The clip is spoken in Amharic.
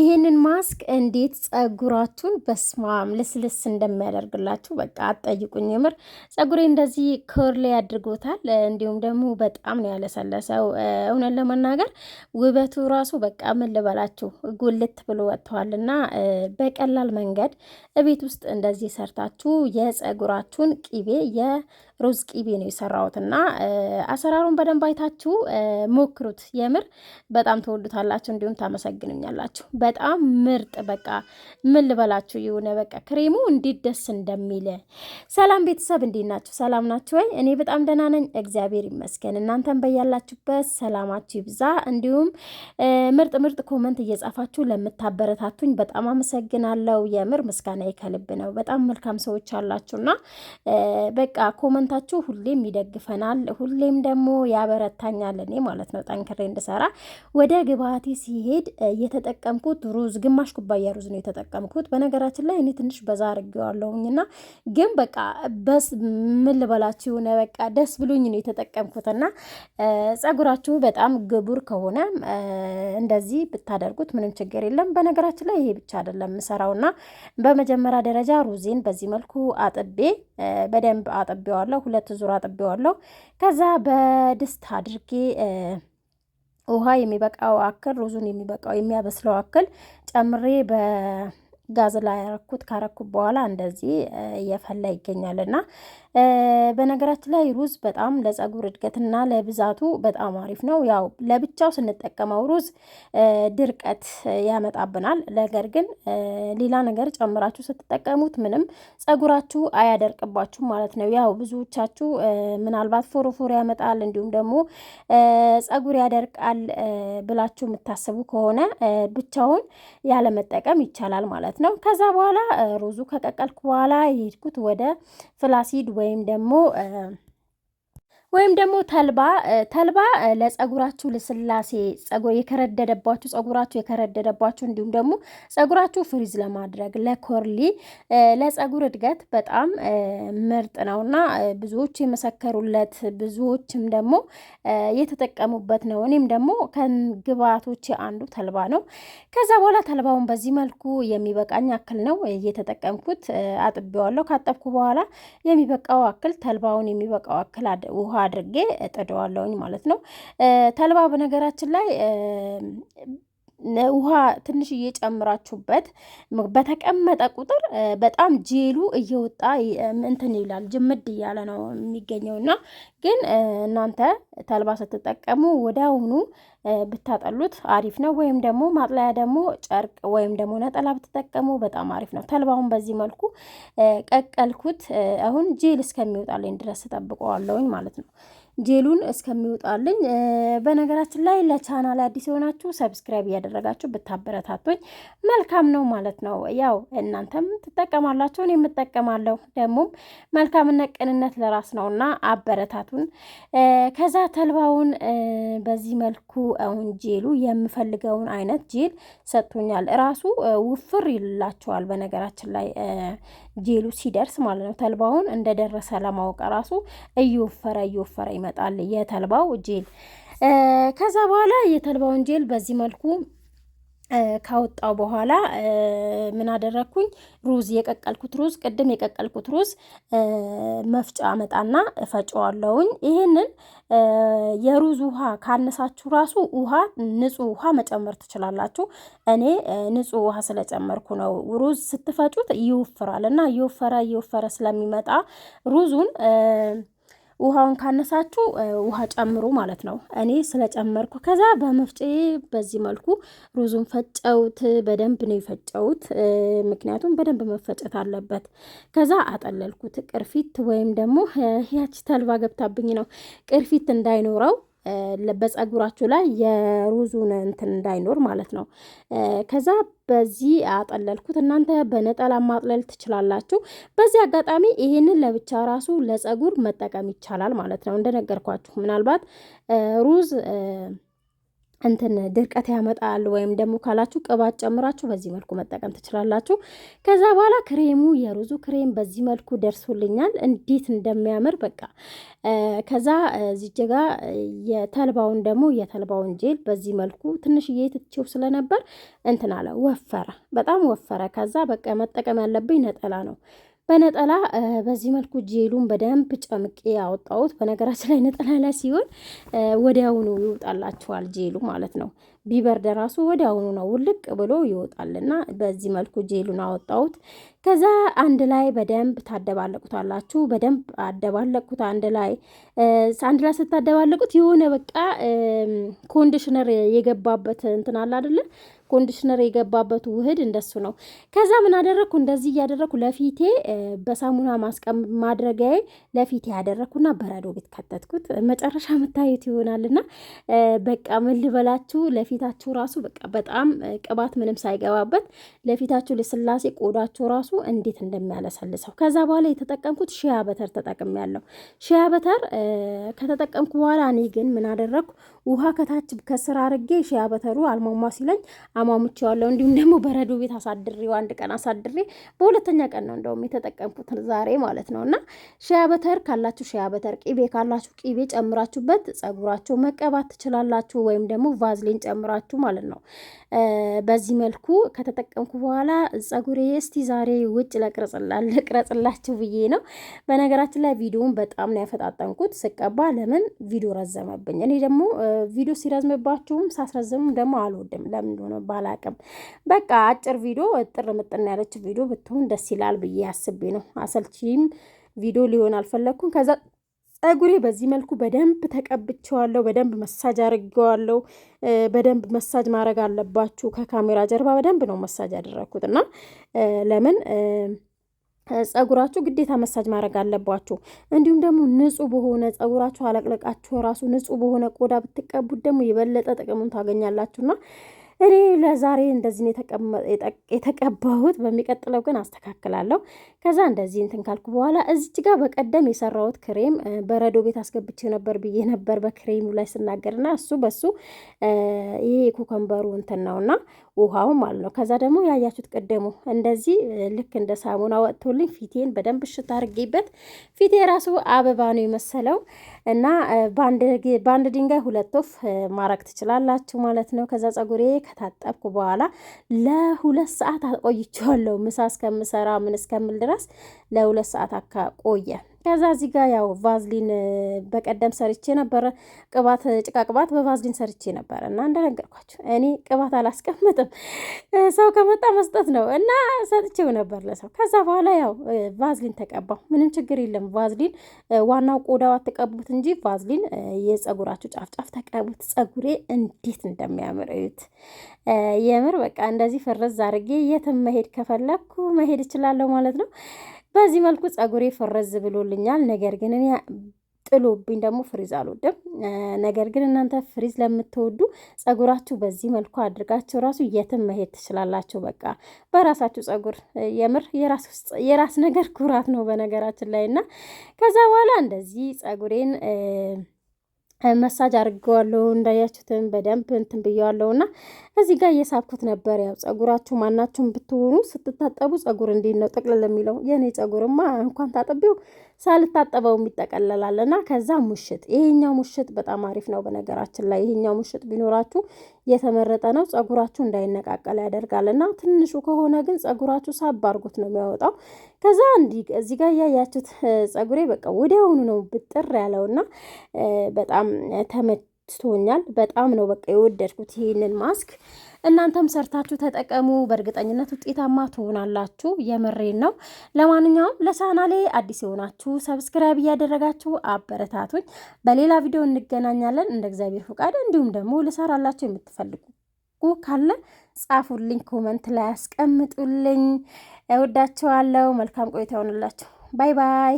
ይሄንን ማስክ እንዴት ጸጉራችሁን በስማም ልስልስ እንደሚያደርግላችሁ በቃ አጠይቁኝ። የምር ጸጉሬ እንደዚህ ከርሌ ያድርጎታል። እንዲሁም ደግሞ በጣም ነው ያለሰለሰው። እውነት ለመናገር ውበቱ ራሱ በቃ ምን ልበላችሁ ጉልት ብሎ ወጥተዋል። እና በቀላል መንገድ እቤት ውስጥ እንደዚህ ሰርታችሁ የጸጉራችሁን ቂቤ ሮዝ ቂቤ ነው የሰራሁት እና አሰራሩን በደንብ አይታችሁ ሞክሩት። የምር በጣም ትወዱታላችሁ፣ እንዲሁም ታመሰግኑኛላችሁ። በጣም ምርጥ በቃ ምን ልበላችሁ የሆነ በቃ ክሬሙ እንዴት ደስ እንደሚል። ሰላም ቤተሰብ እንዴት ናችሁ? ሰላም ናችሁ ወይ? እኔ በጣም ደህና ነኝ፣ እግዚአብሔር ይመስገን። እናንተም በያላችሁበት ሰላማችሁ ይብዛ። እንዲሁም ምርጥ ምርጥ ኮመንት እየጻፋችሁ ለምታበረታቱኝ በጣም አመሰግናለሁ። የምር ምስጋና ከልብ ነው። በጣም መልካም ሰዎች አላችሁና በቃ ኮመንት ሰምታችሁ ሁሌም ይደግፈናል፣ ሁሌም ደግሞ ያበረታኛል። እኔ ማለት ነው ጠንክሬ እንድሰራ። ወደ ግብአቴ ሲሄድ የተጠቀምኩት ሩዝ ግማሽ ኩባያ ሩዝ ነው የተጠቀምኩት። በነገራችን ላይ እኔ ትንሽ በዛ አድርጌዋለሁኝና ግን በቃ በስ ምን ልበላችሁ የሆነ በቃ ደስ ብሎኝ ነው የተጠቀምኩትና ጸጉራችሁ በጣም ግቡር ከሆነ እንደዚህ ብታደርጉት ምንም ችግር የለም። በነገራችን ላይ ይሄ ብቻ አይደለም የምሰራውና በመጀመሪያ ደረጃ ሩዜን በዚህ መልኩ አጥቤ በደንብ አጥቤዋለሁ። ሁለት ዙር አጥቤዋለሁ። ከዛ በድስት አድርጌ ውሃ የሚበቃው አክል ሩዙን የሚበቃው የሚያበስለው አክል ጨምሬ በ ጋዝ ላይ ያረኩት ካረኩት በኋላ እንደዚህ እየፈላ ይገኛል። እና በነገራችን ላይ ሩዝ በጣም ለፀጉር እድገትና ለብዛቱ በጣም አሪፍ ነው። ያው ለብቻው ስንጠቀመው ሩዝ ድርቀት ያመጣብናል። ነገር ግን ሌላ ነገር ጨምራችሁ ስትጠቀሙት ምንም ፀጉራችሁ አያደርቅባችሁ ማለት ነው። ያው ብዙዎቻችሁ ምናልባት ፎርፎር ያመጣል እንዲሁም ደግሞ ፀጉር ያደርቃል ብላችሁ የምታስቡ ከሆነ ብቻውን ያለመጠቀም ይቻላል ማለት ነው። ማለት ነው። ከዛ በኋላ ሩዙ ከቀቀልኩ በኋላ የሄድኩት ወደ ፍላሲድ ወይም ደግሞ ወይም ደግሞ ተልባ ተልባ ለጸጉራችሁ ልስላሴ ጸጉር የከረደደባችሁ ጸጉራችሁ የከረደደባችሁ እንዲሁም ደግሞ ጸጉራችሁ ፍሪዝ ለማድረግ ለኮርሊ ለጸጉር እድገት በጣም ምርጥ ነውና ብዙዎች የመሰከሩለት ብዙዎችም ደግሞ የተጠቀሙበት ነው። እኔም ደግሞ ከግብአቶች አንዱ ተልባ ነው። ከዛ በኋላ ተልባውን በዚህ መልኩ የሚበቃኝ አክል ነው እየተጠቀምኩት አጥቤዋለሁ። ካጠብኩ በኋላ የሚበቃው አክል ተልባውን የሚበቃው አክል ውሃ አድርጌ እጥደዋለሁኝ ማለት ነው። ተልባ በነገራችን ላይ ውሃ ትንሽ እየጨምራችሁበት በተቀመጠ ቁጥር በጣም ጄሉ እየወጣ እንትን ይላል፣ ጅምድ እያለ ነው የሚገኘው እና ግን እናንተ ተልባ ስትጠቀሙ ወደ አሁኑ ብታጠሉት አሪፍ ነው። ወይም ደግሞ ማጥለያ ደግሞ ጨርቅ ወይም ደግሞ ነጠላ ብትጠቀሙ በጣም አሪፍ ነው። ተልባውን በዚህ መልኩ ቀቀልኩት። አሁን ጄል እስከሚወጣልኝ ድረስ ጠብቀዋለሁኝ ማለት ነው። ጄሉን እስከሚወጣልኝ። በነገራችን ላይ ለቻናል አዲስ የሆናችሁ ሰብስክራይብ እያደረጋችሁ ብታበረታቶኝ መልካም ነው ማለት ነው። ያው እናንተም ትጠቀማላችሁ፣ እኔም ደግሞም መልካምነት ቅንነት ለራስ ነው እና አበረታቱን። ከዛ ተልባውን በዚህ መልኩ አሁን ጄሉ የምፈልገውን አይነት ጄል ሰጥቶኛል። ራሱ ውፍር ይላቸዋል በነገራችን ላይ ጄሉ ሲደርስ ማለት ነው ተልባውን እንደደረሰ ለማወቅ ራሱ እየወፈረ እየወፈረ ይመጣል የተልባው ጄል። ከዛ በኋላ የተልባውን ጄል በዚህ መልኩ ካወጣው በኋላ ምን አደረግኩኝ? ሩዝ የቀቀልኩት ሩዝ ቅድም የቀቀልኩት ሩዝ መፍጫ አመጣና እፈጨዋለሁኝ። ይህንን የሩዝ ውሃ ካነሳችሁ ራሱ ውሃ ንጹህ ውሃ መጨመር ትችላላችሁ። እኔ ንጹህ ውሃ ስለጨመርኩ ነው። ሩዝ ስትፈጩት ይወፍራል እና እየወፈረ እየወፈረ ስለሚመጣ ሩዙን ውሃውን ካነሳችሁ ውሃ ጨምሩ ማለት ነው። እኔ ስለጨመርኩ ከዛ በመፍጬ በዚህ መልኩ ሩዙን ፈጨውት። በደንብ ነው የፈጨውት፣ ምክንያቱም በደንብ መፈጨት አለበት። ከዛ አጠለልኩት። ቅርፊት ወይም ደግሞ ያቺ ተልባ ገብታብኝ ነው ቅርፊት እንዳይኖረው በፀጉራችሁ ላይ የሩዙን እንትን እንዳይኖር ማለት ነው። ከዛ በዚህ አጠለልኩት። እናንተ በነጠላ ማጥለል ትችላላችሁ። በዚህ አጋጣሚ ይሄንን ለብቻ ራሱ ለፀጉር መጠቀም ይቻላል ማለት ነው። እንደነገርኳችሁ ምናልባት ሩዝ እንትን ድርቀት ያመጣል ወይም ደግሞ ካላችሁ ቅባት ጨምራችሁ በዚህ መልኩ መጠቀም ትችላላችሁ። ከዛ በኋላ ክሬሙ የሩዙ ክሬም በዚህ መልኩ ደርሶልኛል። እንዴት እንደሚያምር በቃ። ከዛ እዚህ ጋ የተልባውን ደግሞ የተልባውን ጄል በዚህ መልኩ ትንሽዬ ትቼው ስለነበር እንትን አለ ወፈረ፣ በጣም ወፈረ። ከዛ በቃ መጠቀም ያለብኝ ነጠላ ነው በነጠላ በዚህ መልኩ ጄሉን በደንብ ጨምቄ ያወጣሁት። በነገራችን ላይ ነጠላ ላይ ሲሆን ወዲያውኑ ይወጣላችኋል ጄሉ ማለት ነው። ቢበርድ ራሱ ወዲያውኑ ነው ውልቅ ብሎ ይወጣልና በዚህ መልኩ ጄሉን አወጣሁት። ከዛ አንድ ላይ በደንብ ታደባለቁታላችሁ። በደንብ አደባለቁት አንድ ላይ አንድ ላይ ስታደባለቁት የሆነ በቃ ኮንዲሽነር የገባበት እንትን አለ አይደለ ኮንዲሽነር የገባበት ውህድ እንደሱ ነው። ከዛ ምን አደረግኩ? እንደዚህ እያደረግኩ ለፊቴ በሳሙና ማስቀም ማድረጊያ ለፊቴ ያደረግኩና በረዶ ቤት ከተትኩት። መጨረሻ የምታዩት ይሆናልና በቃ ምን ልበላችሁ፣ ለፊታችሁ ራሱ በቃ በጣም ቅባት ምንም ሳይገባበት ለፊታችሁ ልስላሴ፣ ቆዳችሁ ራሱ እንዴት እንደሚያለሰልሰው። ከዛ በኋላ የተጠቀምኩት ሺያ በተር ተጠቅሜያለሁ። ሺያ በተር ከተጠቀምኩ በኋላ እኔ ግን ምን አደረግኩ ውሃ ከታች ከስር አርጌ ሻያ በተሩ አልሟሟ ሲለኝ አሟሙቼዋለሁ። እንዲሁም ደግሞ በረዶ ቤት አሳድሬው አንድ ቀን አሳድሬ በሁለተኛ ቀን ነው እንደውም የተጠቀምኩት ዛሬ ማለት ነው። እና ሻያ በተር ካላችሁ ሻያ በተር፣ ቂቤ ካላችሁ ቂቤ ጨምራችሁበት ጸጉራችሁ መቀባት ትችላላችሁ፣ ወይም ደግሞ ቫዝሊን ጨምራችሁ ማለት ነው። በዚህ መልኩ ከተጠቀምኩ በኋላ ጸጉሬ እስቲ ዛሬ ውጭ ለቅረጽላችሁ ብዬ ነው። በነገራችን ላይ ቪዲዮውን በጣም ነው ያፈጣጠንኩት ስቀባ፣ ለምን ቪዲዮ ረዘመብኝ። እኔ ደግሞ ቪዲዮ ሲረዝምባችሁም ሳስረዝም ደግሞ አልወድም። ለምን እንደሆነ ባላቅም በቃ አጭር ቪዲዮ እጥር ምጥን ያለች ቪዲዮ ብትሆን ደስ ይላል ብዬ አስቤ ነው። አሰልቺም ቪዲዮ ሊሆን አልፈለግኩም። ከዛ ጸጉሬ በዚህ መልኩ በደንብ ተቀብቼዋለሁ። በደንብ መሳጅ አድርጌዋለሁ። በደንብ መሳጅ ማድረግ አለባችሁ። ከካሜራ ጀርባ በደንብ ነው መሳጅ ያደረግኩት እና ለምን ጸጉራችሁ ግዴታ መሳጅ ማድረግ አለባችሁ። እንዲሁም ደግሞ ንጹህ በሆነ ጸጉራችሁ አለቅለቃችሁ ራሱ ንጹህ በሆነ ቆዳ ብትቀቡት ደግሞ የበለጠ ጥቅሙን ታገኛላችሁና እኔ ለዛሬ እንደዚህ የተቀባሁት፣ በሚቀጥለው ግን አስተካክላለሁ። ከዛ እንደዚህ እንትን ካልኩ በኋላ እዚች ጋር በቀደም የሰራሁት ክሬም በረዶ ቤት አስገብቼ ነበር ብዬ ነበር በክሬሙ ላይ ስናገርና እሱ በሱ ይሄ የኮከንበሩ እንትን ነውና ውሃው ማለት ነው። ከዛ ደግሞ ያያችሁት ቅድሙ እንደዚህ ልክ እንደ ሳሙና ወጥቶልኝ ፊቴን በደንብ ሽታ አድርጌበት ፊቴ ራሱ አበባ ነው የመሰለው እና በአንድ ድንጋይ ሁለት ወፍ ማረግ ትችላላችሁ ማለት ነው። ከዛ ጸጉሬ ከታጠብኩ በኋላ ለሁለት ሰዓት አቆይቼዋለሁ። ምሳ እስከምሰራ ምን እስከምል ድረስ ለሁለት ሰዓት አካ ቆየ። ከዛ እዚህ ጋር ያው ቫዝሊን በቀደም ሰርቼ ነበረ፣ ቅባት ጭቃ ቅባት በቫዝሊን ሰርቼ ነበረ እና እንደነገርኳቸው እኔ ቅባት አላስቀምጥም፣ ሰው ከመጣ መስጠት ነው እና ሰጥቼው ነበር ለሰው። ከዛ በኋላ ያው ቫዝሊን ተቀባው። ምንም ችግር የለም ቫዝሊን ዋናው ቆዳው አትቀቡት እንጂ ቫዝሊን የጸጉራችሁ ጫፍጫፍ ተቀቡት። ጸጉሬ እንዴት እንደሚያምር እዩት። የምር በቃ እንደዚህ ፍርዝ አድርጌ የትም መሄድ ከፈለግኩ መሄድ እችላለሁ ማለት ነው። በዚህ መልኩ ጸጉሬ ፈረዝ ብሎልኛል። ነገር ግን እኔ ጥሎብኝ ደግሞ ፍሪዝ አልወድም። ነገር ግን እናንተ ፍሪዝ ለምትወዱ ጸጉራችሁ በዚህ መልኩ አድርጋችሁ ራሱ የትም መሄድ ትችላላችሁ። በቃ በራሳችሁ ጸጉር የምር የራስ ነገር ኩራት ነው በነገራችን ላይ እና ከዛ በኋላ እንደዚህ ጸጉሬን መሳጅ አድርገዋለሁ እንዳያችሁትን በደንብ እንትን ብየዋለሁ። እና እዚህ ጋር እየሳብኩት ነበር። ያው ጸጉራችሁ ማናችሁን ብትሆኑ ስትታጠቡ ጸጉር እንዴት ነው ጥቅልል የሚለው የእኔ ጸጉርማ እንኳን ታጥቤው ሳልታጠበው ይጠቀለላል እና ከዛ ሙሽጥ። ይሄኛው ሙሽጥ በጣም አሪፍ ነው በነገራችን ላይ ይሄኛው ሙሽጥ ቢኖራችሁ የተመረጠ ነው። ጸጉራችሁ እንዳይነቃቀል ያደርጋል እና ትንሹ ከሆነ ግን ጸጉራችሁ ሳብ አድርጎት ነው የሚያወጣው። ከዛ እንዲ እዚህ ጋር እያያችሁት ጸጉሬ በቃ ወዲያውኑ ነው ብጥር ያለውና በጣም ተመ ትቶኛል። በጣም ነው በቃ የወደድኩት ይህንን ማስክ። እናንተም ሰርታችሁ ተጠቀሙ። በእርግጠኝነት ውጤታማ ትሆናላችሁ። የምሬን ነው። ለማንኛውም ለቻናሌ አዲስ የሆናችሁ ሰብስክራይብ እያደረጋችሁ አበረታቱኝ። በሌላ ቪዲዮ እንገናኛለን እንደ እግዚአብሔር ፈቃድ። እንዲሁም ደግሞ ልሰራላችሁ የምትፈልጉ ካለ ጻፉልኝ፣ ኮመንት ላይ አስቀምጡልኝ። እወዳችኋለሁ። መልካም ቆይታ ይሆንላችሁ። ባይ ባይ።